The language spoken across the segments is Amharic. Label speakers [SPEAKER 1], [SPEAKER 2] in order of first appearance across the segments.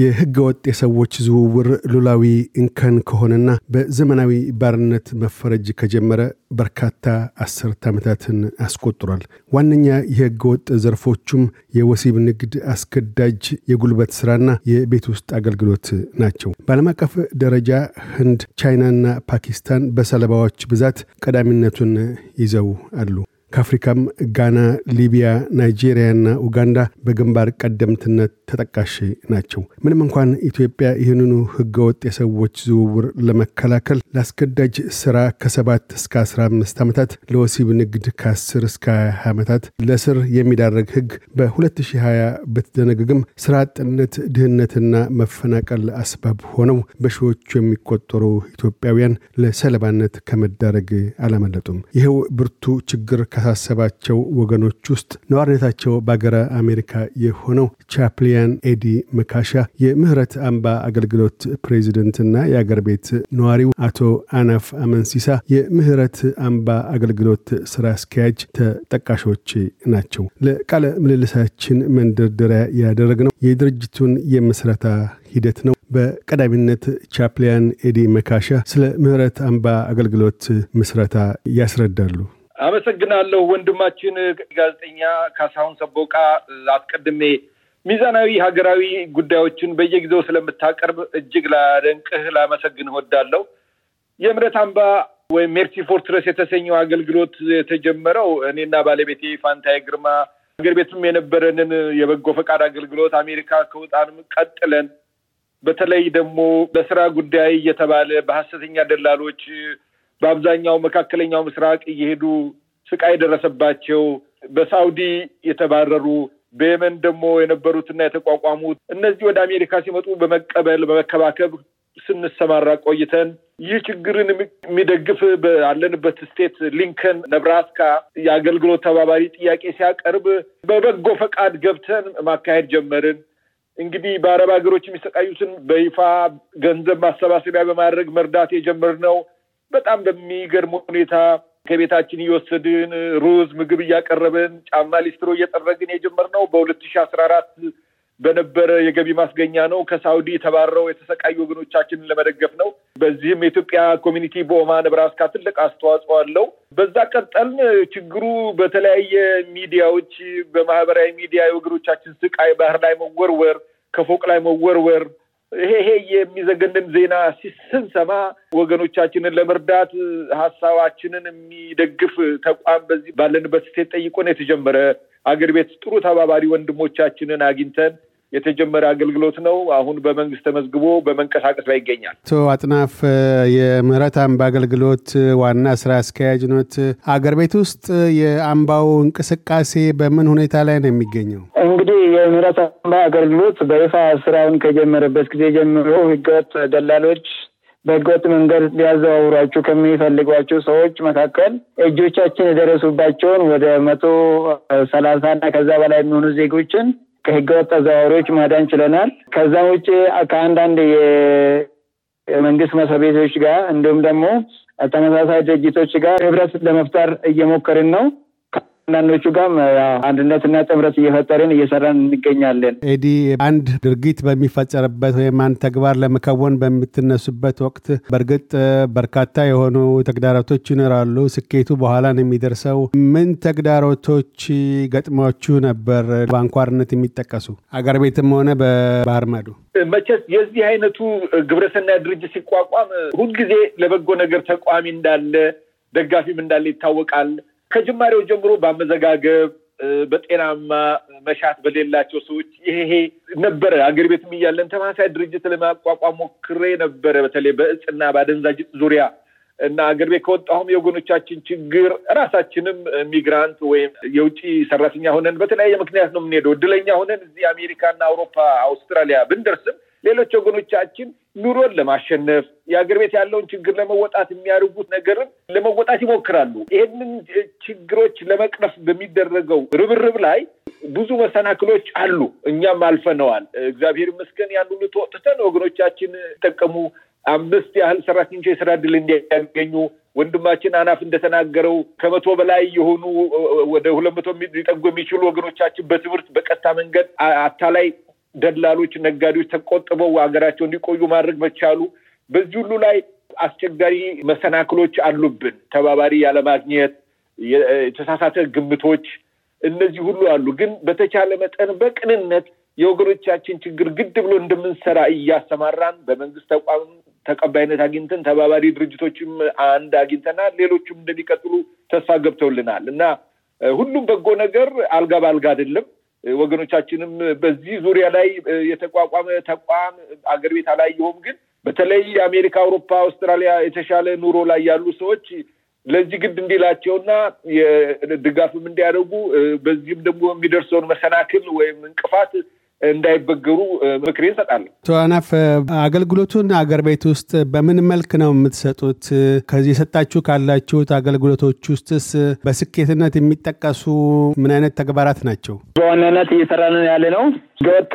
[SPEAKER 1] የህገ ወጥ የሰዎች ዝውውር ሉላዊ እንከን ከሆነና በዘመናዊ ባርነት መፈረጅ ከጀመረ በርካታ አስርት ዓመታትን አስቆጥሯል። ዋነኛ የህገ ወጥ ዘርፎቹም የወሲብ ንግድ፣ አስገዳጅ የጉልበት ሥራና የቤት ውስጥ አገልግሎት ናቸው። በዓለም አቀፍ ደረጃ ህንድ፣ ቻይናና ፓኪስታን በሰለባዎች ብዛት ቀዳሚነቱን ይዘው አሉ። ከአፍሪካም ጋና፣ ሊቢያ፣ ናይጄሪያና ኡጋንዳ በግንባር ቀደምትነት ተጠቃሽ ናቸው። ምንም እንኳን ኢትዮጵያ ይህንኑ ህገወጥ የሰዎች ዝውውር ለመከላከል ለአስገዳጅ ስራ ከሰባት እስከ 15 ዓመታት፣ ለወሲብ ንግድ ከ10 እስከ 20 ዓመታት ለስር የሚዳረግ ህግ በ2020 ብትደነግግም ስራ አጥነት፣ ድህነትና መፈናቀል አስባብ ሆነው በሺዎቹ የሚቆጠሩ ኢትዮጵያውያን ለሰለባነት ከመዳረግ አላመለጡም። ይኸው ብርቱ ችግር ከ ካሳሰባቸው ወገኖች ውስጥ ነዋሪነታቸው በአገረ አሜሪካ የሆነው ቻፕሊያን ኤዲ መካሻ የምህረት አምባ አገልግሎት ፕሬዚደንትና የአገር ቤት ነዋሪው አቶ አናፍ አመንሲሳ የምህረት አምባ አገልግሎት ስራ አስኪያጅ ተጠቃሾች ናቸው። ለቃለ ምልልሳችን መንደርደሪያ ያደረግነው የድርጅቱን የምስረታ ሂደት ነው። በቀዳሚነት ቻፕሊያን ኤዲ መካሻ ስለ ምህረት አምባ አገልግሎት ምስረታ ያስረዳሉ።
[SPEAKER 2] አመሰግናለሁ ወንድማችን ጋዜጠኛ ካሳሁን ሰቦቃ። አስቀድሜ ሚዛናዊ ሀገራዊ ጉዳዮችን በየጊዜው ስለምታቀርብ እጅግ ላደንቅህ ላመሰግን ወዳለው የእምነት አምባ ወይም ሜርሲ ፎርትረስ የተሰኘው አገልግሎት የተጀመረው እኔና ባለቤቴ ፋንታይ ግርማ ሀገር ቤትም የነበረንን የበጎ ፈቃድ አገልግሎት አሜሪካ ከውጣንም ቀጥለን በተለይ ደግሞ በስራ ጉዳይ እየተባለ በሀሰተኛ ደላሎች በአብዛኛው መካከለኛው ምስራቅ እየሄዱ ስቃይ የደረሰባቸው በሳውዲ የተባረሩ በየመን ደግሞ የነበሩትና የተቋቋሙት እነዚህ ወደ አሜሪካ ሲመጡ በመቀበል በመከባከብ ስንሰማራ ቆይተን ይህ ችግርን የሚደግፍ ባለንበት ስቴት ሊንከን ነብራስካ የአገልግሎት ተባባሪ ጥያቄ ሲያቀርብ በበጎ ፈቃድ ገብተን ማካሄድ ጀመርን። እንግዲህ በአረብ ሀገሮች የሚሰቃዩትን በይፋ ገንዘብ ማሰባሰቢያ በማድረግ መርዳት የጀመርነው በጣም በሚገርም ሁኔታ ከቤታችን እየወሰድን ሩዝ ምግብ እያቀረብን ጫማ ሊስትሮ እየጠረግን የጀመርነው በሁለት ሺህ አስራ አራት በነበረ የገቢ ማስገኛ ነው። ከሳውዲ ተባረው የተሰቃዩ ወገኖቻችንን ለመደገፍ ነው። በዚህም የኢትዮጵያ ኮሚኒቲ በኦማ ነብራስካ ትልቅ አስተዋጽኦ አለው። በዛ ቀጠልን። ችግሩ በተለያየ ሚዲያዎች፣ በማህበራዊ ሚዲያ የወገኖቻችን ስቃይ ባህር ላይ መወርወር፣ ከፎቅ ላይ መወርወር ይሄ ይሄ የሚዘገንን ዜና ስንሰማ ወገኖቻችንን ለመርዳት ሀሳባችንን የሚደግፍ ተቋም በዚህ ባለንበት ስቴት ጠይቆን የተጀመረ። አገር ቤት ጥሩ ተባባሪ ወንድሞቻችንን አግኝተን የተጀመረ አገልግሎት ነው። አሁን በመንግስት ተመዝግቦ በመንቀሳቀስ
[SPEAKER 1] ላይ ይገኛል። አቶ አጥናፍ የምህረት አምባ አገልግሎት ዋና ስራ አስኪያጅ ኖት። አገር ቤት ውስጥ የአምባው እንቅስቃሴ በምን ሁኔታ ላይ ነው የሚገኘው?
[SPEAKER 3] እንግዲህ የምህረት አምባ አገልግሎት በይፋ ስራውን ከጀመረበት ጊዜ ጀምሮ ህገወጥ ደላሎች በህገወጥ መንገድ ሊያዘዋውሯቸው ከሚፈልጓቸው ሰዎች መካከል እጆቻችን የደረሱባቸውን ወደ መቶ ሰላሳ እና ከዛ በላይ የሚሆኑ ዜጎችን ከህገወጥ አዘዋዋሪዎች ማዳን ችለናል። ከዛ ውጭ ከአንዳንድ የመንግስት መስሪያ ቤቶች ጋር እንዲሁም ደግሞ ተመሳሳይ ድርጅቶች ጋር ህብረት ለመፍጠር እየሞከርን ነው። አንዳንዶቹ ጋም አንድነትና ጥምረት እየፈጠርን እየሰራን እንገኛለን።
[SPEAKER 1] ኤዲ አንድ ድርጊት በሚፈጸርበት ወይም አንድ ተግባር ለመከወን በምትነሱበት ወቅት በእርግጥ በርካታ የሆኑ ተግዳሮቶች ይኖራሉ። ስኬቱ በኋላ ነው የሚደርሰው። ምን ተግዳሮቶች ገጥሟችሁ ነበር በአንኳርነት የሚጠቀሱ አገር ቤትም ሆነ በባህር ማዶ?
[SPEAKER 2] መቼስ የዚህ አይነቱ ግብረሰናይ ድርጅት ሲቋቋም ሁልጊዜ ለበጎ ነገር ተቋሚ እንዳለ ደጋፊም እንዳለ ይታወቃል። ከጅማሬው ጀምሮ በአመዘጋገብ በጤናማ መሻት በሌላቸው ሰዎች ይሄ ነበረ። አገር ቤትም እያለን ተማሳይ ድርጅት ለማቋቋም ሞክሬ ነበረ፣ በተለይ በእጽና በአደንዛዥ ዙሪያ እና አገር ቤት ከወጣሁም የወገኖቻችን ችግር ራሳችንም ሚግራንት ወይም የውጭ ሰራተኛ ሆነን በተለያየ ምክንያት ነው የምንሄደው። እድለኛ ሆነን እዚህ አሜሪካና አውሮፓ፣ አውስትራሊያ ብንደርስም ሌሎች ወገኖቻችን ኑሮን ለማሸነፍ የአገር ቤት ያለውን ችግር ለመወጣት የሚያደርጉት ነገርን ለመወጣት ይሞክራሉ። ይህንን ችግሮች ለመቅረፍ በሚደረገው ርብርብ ላይ ብዙ መሰናክሎች አሉ። እኛም አልፈነዋል። እግዚአብሔር ይመስገን ያን ሁሉ ተወጥተን ወገኖቻችን ጠቀሙ አምስት ያህል ሰራተኞች የስራ እድል እንዲያገኙ ወንድማችን አናፍ እንደተናገረው ከመቶ በላይ የሆኑ ወደ ሁለት መቶ ሊጠጉ የሚችሉ ወገኖቻችን በትምህርት በቀጥታ መንገድ አታላይ ደላሎች፣ ነጋዴዎች ተቆጥበው ሀገራቸው እንዲቆዩ ማድረግ መቻሉ በዚህ ሁሉ ላይ አስቸጋሪ መሰናክሎች አሉብን። ተባባሪ ያለማግኘት፣ የተሳሳተ ግምቶች፣ እነዚህ ሁሉ አሉ። ግን በተቻለ መጠን በቅንነት የወገኖቻችን ችግር ግድ ብሎ እንደምንሰራ እያሰማራን በመንግስት ተቋም ተቀባይነት አግኝተን ተባባሪ ድርጅቶችም አንድ አግኝተናል። ሌሎችም እንደሚቀጥሉ ተስፋ ገብተውልናል እና ሁሉም በጎ ነገር አልጋ ባልጋ አይደለም። ወገኖቻችንም በዚህ ዙሪያ ላይ የተቋቋመ ተቋም አገር ቤት አላየሁም። ግን በተለይ አሜሪካ፣ አውሮፓ፣ አውስትራሊያ የተሻለ ኑሮ ላይ ያሉ ሰዎች ለዚህ ግድ እንዲላቸውና ድጋፍም እንዲያደርጉ በዚህም ደግሞ የሚደርሰውን መሰናክል ወይም እንቅፋት እንዳይበገሩ ምክሬን እሰጣለሁ።
[SPEAKER 1] ተዋናፍ አገልግሎቱን አገር ቤት ውስጥ በምን መልክ ነው የምትሰጡት? ከዚህ የሰጣችሁ ካላችሁት አገልግሎቶች ውስጥስ በስኬትነት የሚጠቀሱ ምን አይነት ተግባራት ናቸው?
[SPEAKER 3] በዋናነት እየሰራን ያለ ነው ህገወጥ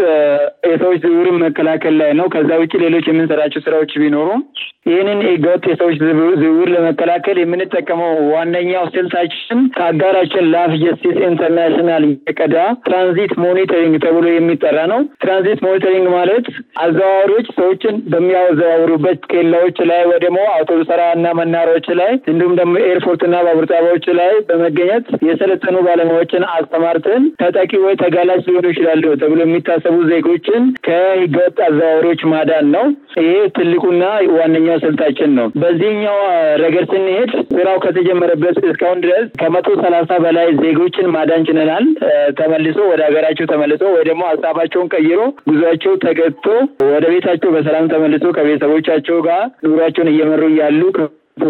[SPEAKER 3] የሰዎች ዝውውርን መከላከል ላይ ነው። ከዛ ውጭ ሌሎች የምንሰራቸው ስራዎች ቢኖሩም ይህንን ህገወጥ የሰዎች ዝውውር ለመከላከል የምንጠቀመው ዋነኛው ስልታችን ከአጋራችን ላፍ ጀስቲስ ኢንተርናሽናል የቀዳ ትራንዚት ሞኒተሪንግ ተብሎ የሚጠራ ነው። ትራንዚት ሞኒተሪንግ ማለት አዘዋዋሪዎች ሰዎችን በሚያዘዋውሩበት ኬላዎች ላይ ወይ ደግሞ አውቶቡስ ተራ እና መናሪያዎች ላይ እንዲሁም ደግሞ ኤርፖርት እና ባቡር ጣቢያዎች ላይ በመገኘት የሰለጠኑ ባለሙያዎችን አስተማርተን ተጠቂ ወይ ተጋላጭ ሊሆኑ ይችላሉ ተብሎ የሚታሰቡ ዜጎችን ከህገወጥ አዘዋዋሪዎች ማዳን ነው። ይሄ ትልቁና ዋነኛው ስልታችን ነው። በዚህኛው ረገድ ስንሄድ ስራው ከተጀመረበት እስካሁን ድረስ ከመቶ ሰላሳ በላይ ዜጎችን ማዳን ችለናል። ተመልሶ ወደ ሀገራቸው ተመልሶ ወይ ደግሞ ሀሳባቸውን ቀይሮ ጉዟቸው ተገጥቶ ወደ ቤታቸው በሰላም ተመልሶ ከቤተሰቦቻቸው ጋር ኑሯቸውን እየመሩ እያሉ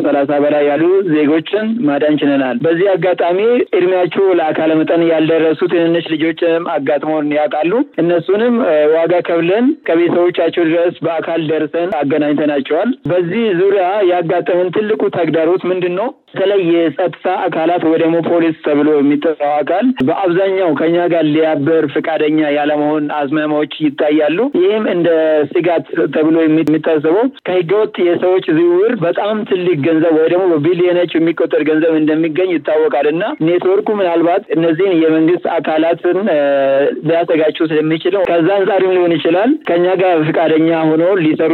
[SPEAKER 3] ሰላሳ በላይ ያሉ ዜጎችን ማዳን ችለናል። በዚህ አጋጣሚ እድሜያቸው ለአካለ መጠን ያልደረሱ ትንንሽ ልጆችም አጋጥሞን ያውቃሉ። እነሱንም ዋጋ ከብለን ከቤተሰቦቻቸው ድረስ በአካል ደርሰን አገናኝተናቸዋል። በዚህ ዙሪያ ያጋጠመን ትልቁ ተግዳሮት ምንድን ነው? በተለይ የጸጥታ አካላት ወይ ደግሞ ፖሊስ ተብሎ የሚጠራው አካል በአብዛኛው ከኛ ጋር ሊያበር ፈቃደኛ ያለመሆን አዝማማዎች ይታያሉ። ይህም እንደ ስጋት ተብሎ የሚታሰበው ከህገወጥ የሰዎች ዝውውር በጣም ትልቅ ትልቅ ገንዘብ ወይ ደግሞ በቢሊዮኖች የሚቆጠር ገንዘብ እንደሚገኝ ይታወቃል እና ኔትወርኩ ምናልባት እነዚህን የመንግስት አካላትን ሊያሰጋቸው ስለሚችለው ከዛ አንጻርም ሊሆን ይችላል ከኛ ጋር ፈቃደኛ ሆኖ ሊሰሩ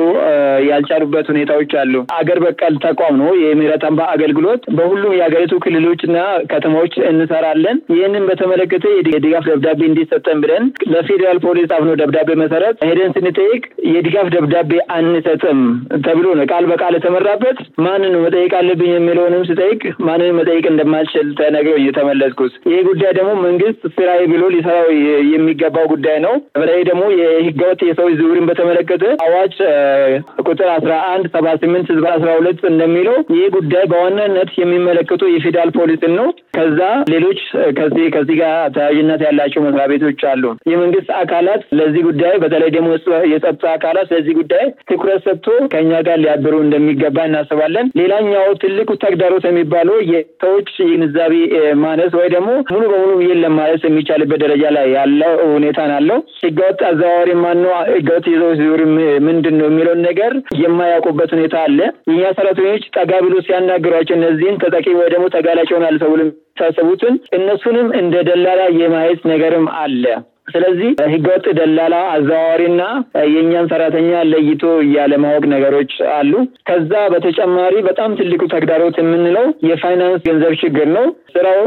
[SPEAKER 3] ያልቻሉበት ሁኔታዎች አሉ። አገር በቀል ተቋም ነው የምህረት አምባ አገልግሎት። በሁሉም የሀገሪቱ ክልሎችና ከተማዎች እንሰራለን። ይህንን በተመለከተ የድጋፍ ደብዳቤ እንዲሰጠን ብለን ለፌዴራል ፖሊስ አፍኖ ደብዳቤ መሰረት ሄደን ስንጠይቅ የድጋፍ ደብዳቤ አንሰጥም ተብሎ ነው ቃል በቃል የተመራበት ማን ማንን መጠየቅ አለብኝ የሚለውንም ስጠይቅ ማንን መጠየቅ እንደማልችል ተነግረው እየተመለስኩት። ይህ ጉዳይ ደግሞ መንግስት ስራዬ ብሎ ሊሰራው የሚገባው ጉዳይ ነው። በተለይ ደግሞ የህገወጥ የሰው ዝውውርን በተመለከተ አዋጅ ቁጥር አስራ አንድ ሰባ ስምንት ህዝብ አስራ ሁለት እንደሚለው ይህ ጉዳይ በዋናነት የሚመለከቱ የፌዴራል ፖሊስን ነው። ከዛ ሌሎች ከዚህ ጋር ተያያዥነት ያላቸው መስሪያ ቤቶች አሉ። የመንግስት አካላት ለዚህ ጉዳይ በተለይ ደግሞ የጸጥታ አካላት ለዚህ ጉዳይ ትኩረት ሰጥቶ ከኛ ጋር ሊያብሩ እንደሚገባ እናስባለን። ሌላኛው ትልቁ ተግዳሮት የሚባለው የሰዎች ግንዛቤ ማነስ ወይ ደግሞ ሙሉ በሙሉ የለም ማለት የሚቻልበት ደረጃ ላይ ያለው ሁኔታ ናለው። ህገወጥ አዘዋዋሪ ማነው፣ ህገወጥ ይዘው ሲዞር ምንድን ነው የሚለውን ነገር የማያውቁበት ሁኔታ አለ። የኛ ሰራተኞች ጠጋ ብሎ ሲያናግሯቸው እነዚህን ተጠቂ ወይ ደግሞ ተጋላጭ ይሆናሉ ተብሎ የሚታሰቡትን እነሱንም እንደ ደላላ የማየት ነገርም አለ። ስለዚህ ህገወጥ ደላላ፣ አዘዋዋሪና የእኛን ሰራተኛ ለይቶ ያለማወቅ ነገሮች አሉ። ከዛ በተጨማሪ በጣም ትልቁ ተግዳሮት የምንለው የፋይናንስ ገንዘብ ችግር ነው። ስራው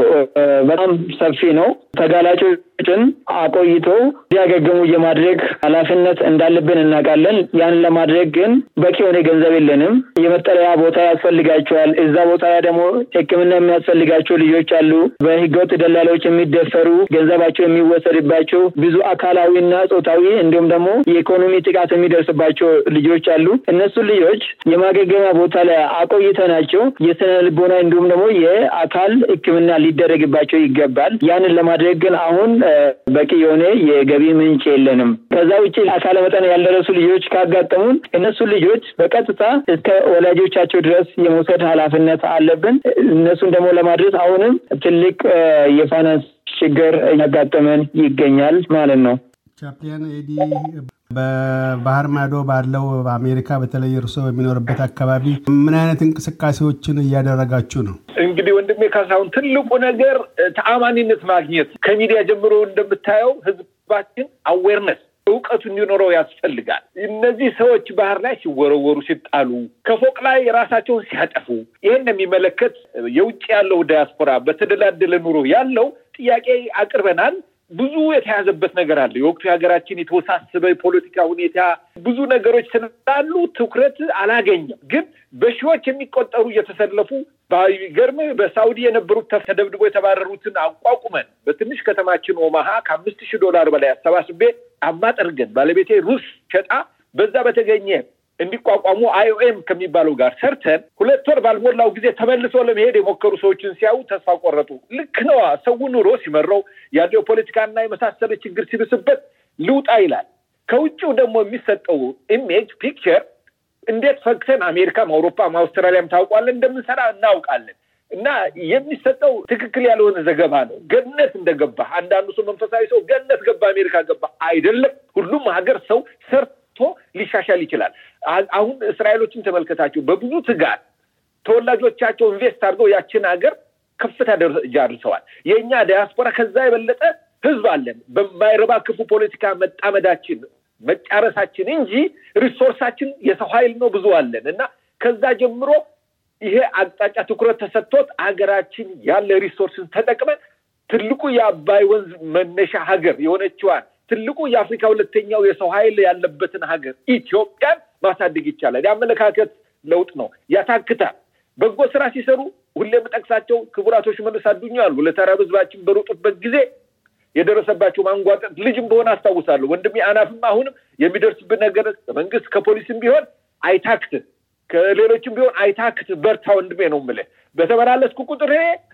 [SPEAKER 3] በጣም ሰፊ ነው። ተጋላጮች ጭን አቆይቶ እንዲያገግሙ የማድረግ ኃላፊነት እንዳለብን እናውቃለን። ያን ለማድረግ ግን በቂ የሆነ ገንዘብ የለንም። የመጠለያ ቦታ ያስፈልጋቸዋል። እዛ ቦታ ደግሞ ሕክምና የሚያስፈልጋቸው ልጆች አሉ። በህገወጥ ደላላዎች የሚደፈሩ ገንዘባቸው የሚወሰድባቸው ብዙ አካላዊና ጾታዊ እንዲሁም ደግሞ የኢኮኖሚ ጥቃት የሚደርስባቸው ልጆች አሉ። እነሱ ልጆች የማገገሚያ ቦታ ላይ አቆይተናቸው የስነ ልቦና እንዲሁም ደግሞ የአካል ሕክምና ሊደረግባቸው ይገባል። ያንን ለማድረግ ግን አሁን በቂ የሆነ የገቢ ምንጭ የለንም። ከዛ ውጭ አካለ መጠን ያልደረሱ ልጆች ካጋጠሙን እነሱን ልጆች በቀጥታ እስከ ወላጆቻቸው ድረስ የመውሰድ ኃላፊነት አለብን። እነሱን ደግሞ ለማድረስ አሁንም ትልቅ የፋይናንስ ችግር እያጋጠመን ይገኛል ማለት
[SPEAKER 1] ነው። ቻፕሊያን ኤዲ በባህር ማዶ ባለው በአሜሪካ በተለይ እርስዎ በሚኖርበት አካባቢ ምን አይነት እንቅስቃሴዎችን እያደረጋችሁ ነው? እንግዲህ
[SPEAKER 2] ወንድሜ ካሳሁን ትልቁ ነገር ተአማኒነት ማግኘት ከሚዲያ ጀምሮ እንደምታየው ህዝባችን አዌርነስ እውቀቱ እንዲኖረው ያስፈልጋል። እነዚህ ሰዎች ባህር ላይ ሲወረወሩ፣ ሲጣሉ፣ ከፎቅ ላይ ራሳቸውን ሲያጠፉ ይህን የሚመለከት የውጭ ያለው ዲያስፖራ በተደላደለ ኑሮ ያለው ጥያቄ አቅርበናል። ብዙ የተያዘበት ነገር አለ። የወቅቱ የሀገራችን የተወሳሰበ የፖለቲካ ሁኔታ ብዙ ነገሮች ስላሉ ትኩረት አላገኘም። ግን በሺዎች የሚቆጠሩ እየተሰለፉ ባይገርም በሳውዲ የነበሩት ተደብድቦ የተባረሩትን አቋቁመን በትንሽ ከተማችን ኦማሃ ከአምስት ሺህ ዶላር በላይ አሰባስቤ አማጠርገን ባለቤቴ ሩስ ሸጣ በዛ በተገኘ እንዲቋቋሙ አይኦኤም ከሚባለው ጋር ሰርተን ሁለት ወር ባልሞላው ጊዜ ተመልሶ ለመሄድ የሞከሩ ሰዎችን ሲያዩ ተስፋ ቆረጡ። ልክ ነዋ። ሰው ኑሮ ሲመረው ያለው የፖለቲካና የመሳሰለ ችግር ሲብስበት ልውጣ ይላል። ከውጭው ደግሞ የሚሰጠው ኢሜጅ ፒክቸር እንዴት ፈግተን አሜሪካም አውሮፓም አውስትራሊያም ታውቋለን እንደምንሰራ እናውቃለን። እና የሚሰጠው ትክክል ያልሆነ ዘገባ ነው። ገነት እንደገባ አንዳንዱ ሰው መንፈሳዊ ሰው ገነት ገባ አሜሪካ ገባ አይደለም። ሁሉም ሀገር ሰው ሰርቶ ሊሻሻል ይችላል። አሁን እስራኤሎችን ተመልከታቸው በብዙ ትጋት ተወላጆቻቸው ኢንቨስት አድርገው ያችን ሀገር ከፍታ ደረጃ አድርሰዋል። የእኛ ዲያስፖራ ከዛ የበለጠ ህዝብ አለን። በማይረባ ክፉ ፖለቲካ መጣመዳችን መጫረሳችን እንጂ ሪሶርሳችን የሰው ኃይል ነው ብዙ አለን እና ከዛ ጀምሮ ይሄ አቅጣጫ ትኩረት ተሰጥቶት ሀገራችን ያለ ሪሶርስን ተጠቅመን ትልቁ የአባይ ወንዝ መነሻ ሀገር የሆነችዋን ትልቁ የአፍሪካ ሁለተኛው የሰው ኃይል ያለበትን ሀገር ኢትዮጵያን ማሳደግ ይቻላል። የአመለካከት ለውጥ ነው፣ ያታክታል። በጎ ስራ ሲሰሩ ሁሌም ጠቅሳቸው ክቡራቶች መልስ አዱኛሉ አሉ። ለተራበ ህዝባችን በሩጡበት ጊዜ የደረሰባቸው ማንጓጠጥ ልጅም በሆነ አስታውሳለሁ። ወንድሜ አናፍም አሁንም የሚደርስብን ነገር ከመንግስት ከፖሊስም ቢሆን አይታክት ከሌሎችም ቢሆን አይታክት። በርታ ወንድሜ ነው የምልህ። በተመላለስኩ ቁጥር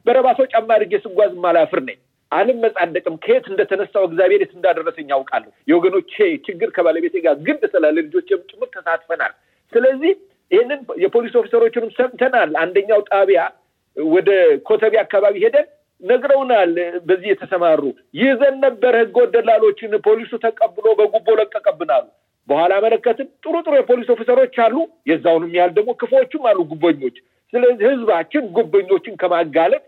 [SPEAKER 2] በረባሶ ጫማ አድርጌ ስጓዝ ማላፍር ነኝ። አልመጻደቅም። ከየት እንደተነሳው እግዚአብሔር የት እንዳደረሰኝ ያውቃለሁ። የወገኖቼ ችግር ከባለቤቴ ጋር ግድ ስላለ ልጆችም ጭምር ተሳትፈናል። ስለዚህ ይህንን የፖሊስ ኦፊሰሮችንም ሰምተናል። አንደኛው ጣቢያ ወደ ኮተቤ አካባቢ ሄደን ነግረውናል። በዚህ የተሰማሩ ይዘን ነበር ህገ ወጥ ደላሎችን ፖሊሱ ተቀብሎ በጉቦ ለቀቀብናሉ። በኋላ መለከትን ጥሩ ጥሩ የፖሊስ ኦፊሰሮች አሉ። የዛውንም ያህል ደግሞ ክፉዎችም አሉ፣ ጉቦኞች። ስለዚህ ህዝባችን ጉቦኞችን ከማጋለጥ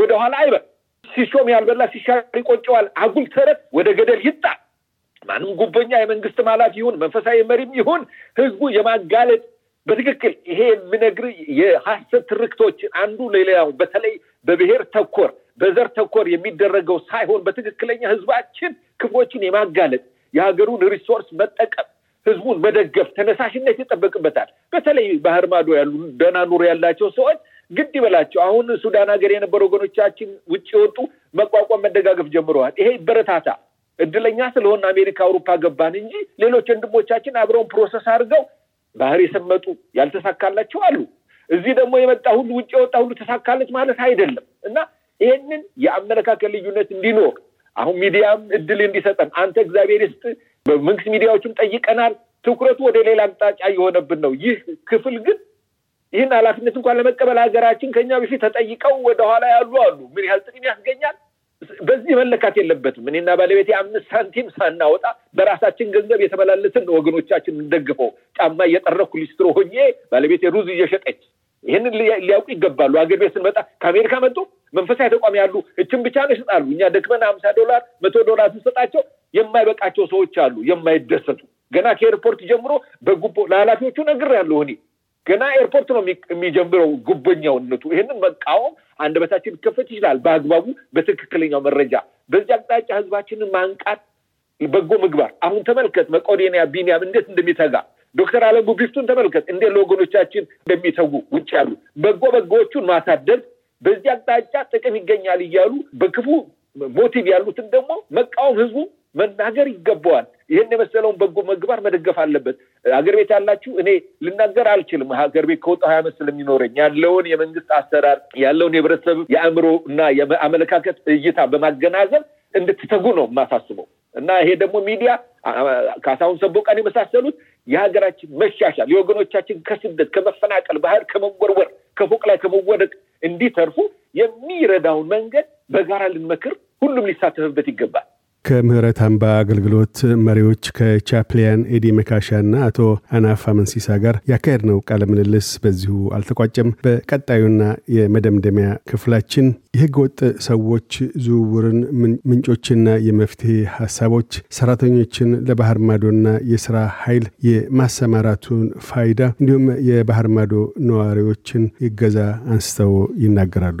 [SPEAKER 2] ወደኋላ አይበል ሲሾም ያልበላ ሲሻር ይቆጨዋል። አጉል ተረት ወደ ገደል ይጣ። ማንም ጉበኛ የመንግስትም ኃላፊ ይሁን መንፈሳዊ መሪም ይሁን ህዝቡ የማጋለጥ በትክክል ይሄ የምነግር የሀሰት ትርክቶች አንዱ ሌላው በተለይ በብሔር ተኮር በዘር ተኮር የሚደረገው ሳይሆን በትክክለኛ ህዝባችን ክፍሎችን የማጋለጥ የሀገሩን ሪሶርስ መጠቀም ህዝቡን መደገፍ ተነሳሽነት ይጠበቅበታል። በተለይ ባህር ማዶ ያሉ ደህና ኑሮ ያላቸው ሰዎች ግድ ይበላቸው። አሁን ሱዳን ሀገር የነበሩ ወገኖቻችን ውጭ የወጡ መቋቋም መደጋገፍ ጀምረዋል። ይሄ በረታታ እድለኛ ስለሆነ አሜሪካ አውሮፓ ገባን እንጂ ሌሎች ወንድሞቻችን አብረውን ፕሮሰስ አድርገው ባህር የሰመጡ ያልተሳካላቸው አሉ። እዚህ ደግሞ የመጣ ሁሉ ውጭ የወጣ ሁሉ ተሳካለች ማለት አይደለም እና ይህንን የአመለካከት ልዩነት እንዲኖር አሁን ሚዲያም እድል እንዲሰጠን አንተ እግዚአብሔር ስጥ በመንግስት ሚዲያዎችም ጠይቀናል። ትኩረቱ ወደ ሌላ አቅጣጫ እየሆነብን ነው። ይህ ክፍል ግን ይህን ኃላፊነት እንኳን ለመቀበል ሀገራችን ከኛ በፊት ተጠይቀው ወደኋላ ያሉ አሉ። ምን ያህል ጥቅም ያስገኛል? በዚህ መለካት የለበትም። እኔና ባለቤቴ አምስት ሳንቲም ሳናወጣ በራሳችን ገንዘብ የተመላለስን ወገኖቻችን እንደግፈው። ጫማ እየጠረኩ ሊስትሮ ሆኜ ባለቤቴ ሩዝ እየሸጠች ይህንን ሊያውቁ ይገባሉ። አገር ቤት ስንመጣ ከአሜሪካ መጡ መንፈሳዊ ተቋም ያሉ እችን ብቻ ነው ይሰጣሉ። እኛ ደክመን ሀምሳ ዶላር መቶ ዶላር ስንሰጣቸው የማይበቃቸው ሰዎች አሉ፣ የማይደሰቱ ገና ከኤርፖርት ጀምሮ በጉቦ ለኃላፊዎቹ ነግሬያለሁ እኔ ገና ኤርፖርት ነው የሚጀምረው ጉበኛውነቱ። ይህንን መቃወም አንደበታችን ክፍት ይችላል፣ በአግባቡ በትክክለኛው መረጃ። በዚህ አቅጣጫ ህዝባችንን ማንቃት በጎ ምግባር። አሁን ተመልከት መቆዴንያ ቢኒያም እንዴት እንደሚተጋ ዶክተር አለሙ ቢፍቱን ተመልከት እንዴ ለወገኖቻችን እንደሚተጉ ውጭ ያሉ በጎ በጎዎቹን ማሳደግ፣ በዚህ አቅጣጫ ጥቅም ይገኛል እያሉ በክፉ ሞቲቭ ያሉትን ደግሞ መቃወም ህዝቡ መናገር ይገባዋል። ይህን የመሰለውን በጎ ምግባር መደገፍ አለበት። ሀገር ቤት ያላችሁ እኔ ልናገር አልችልም። ሀገር ቤት ከወጣ ሀያ ዓመት ስለሚኖረኝ ያለውን የመንግስት አሰራር ያለውን የህብረተሰብ የአእምሮ እና የአመለካከት እይታ በማገናዘብ እንድትተጉ ነው የማሳስበው እና ይሄ ደግሞ ሚዲያ ካሳሁን ሰቦቃን የመሳሰሉት የሀገራችን መሻሻል የወገኖቻችን ከስደት ከመፈናቀል ባህር ከመወርወር ከፎቅ ላይ ከመወደቅ እንዲተርፉ የሚረዳውን መንገድ በጋራ ልንመክር ሁሉም ሊሳተፍበት ይገባል።
[SPEAKER 1] ከምህረት አምባ አገልግሎት መሪዎች ከቻፕሊያን ኤዲ ና አቶ አናፋ መንሲሳ ጋር ያካሄድ ነው ቃለ ምልልስ በዚሁ አልተቋጨም። በቀጣዩና የመደምደሚያ ክፍላችን የህገወጥ ሰዎች ዝውውርን ምንጮችና የመፍትሄ ሀሳቦች፣ ሰራተኞችን ለባህር ማዶና የስራ ኃይል የማሰማራቱን ፋይዳ እንዲሁም የባህር ማዶ ነዋሪዎችን ይገዛ አንስተው ይናገራሉ።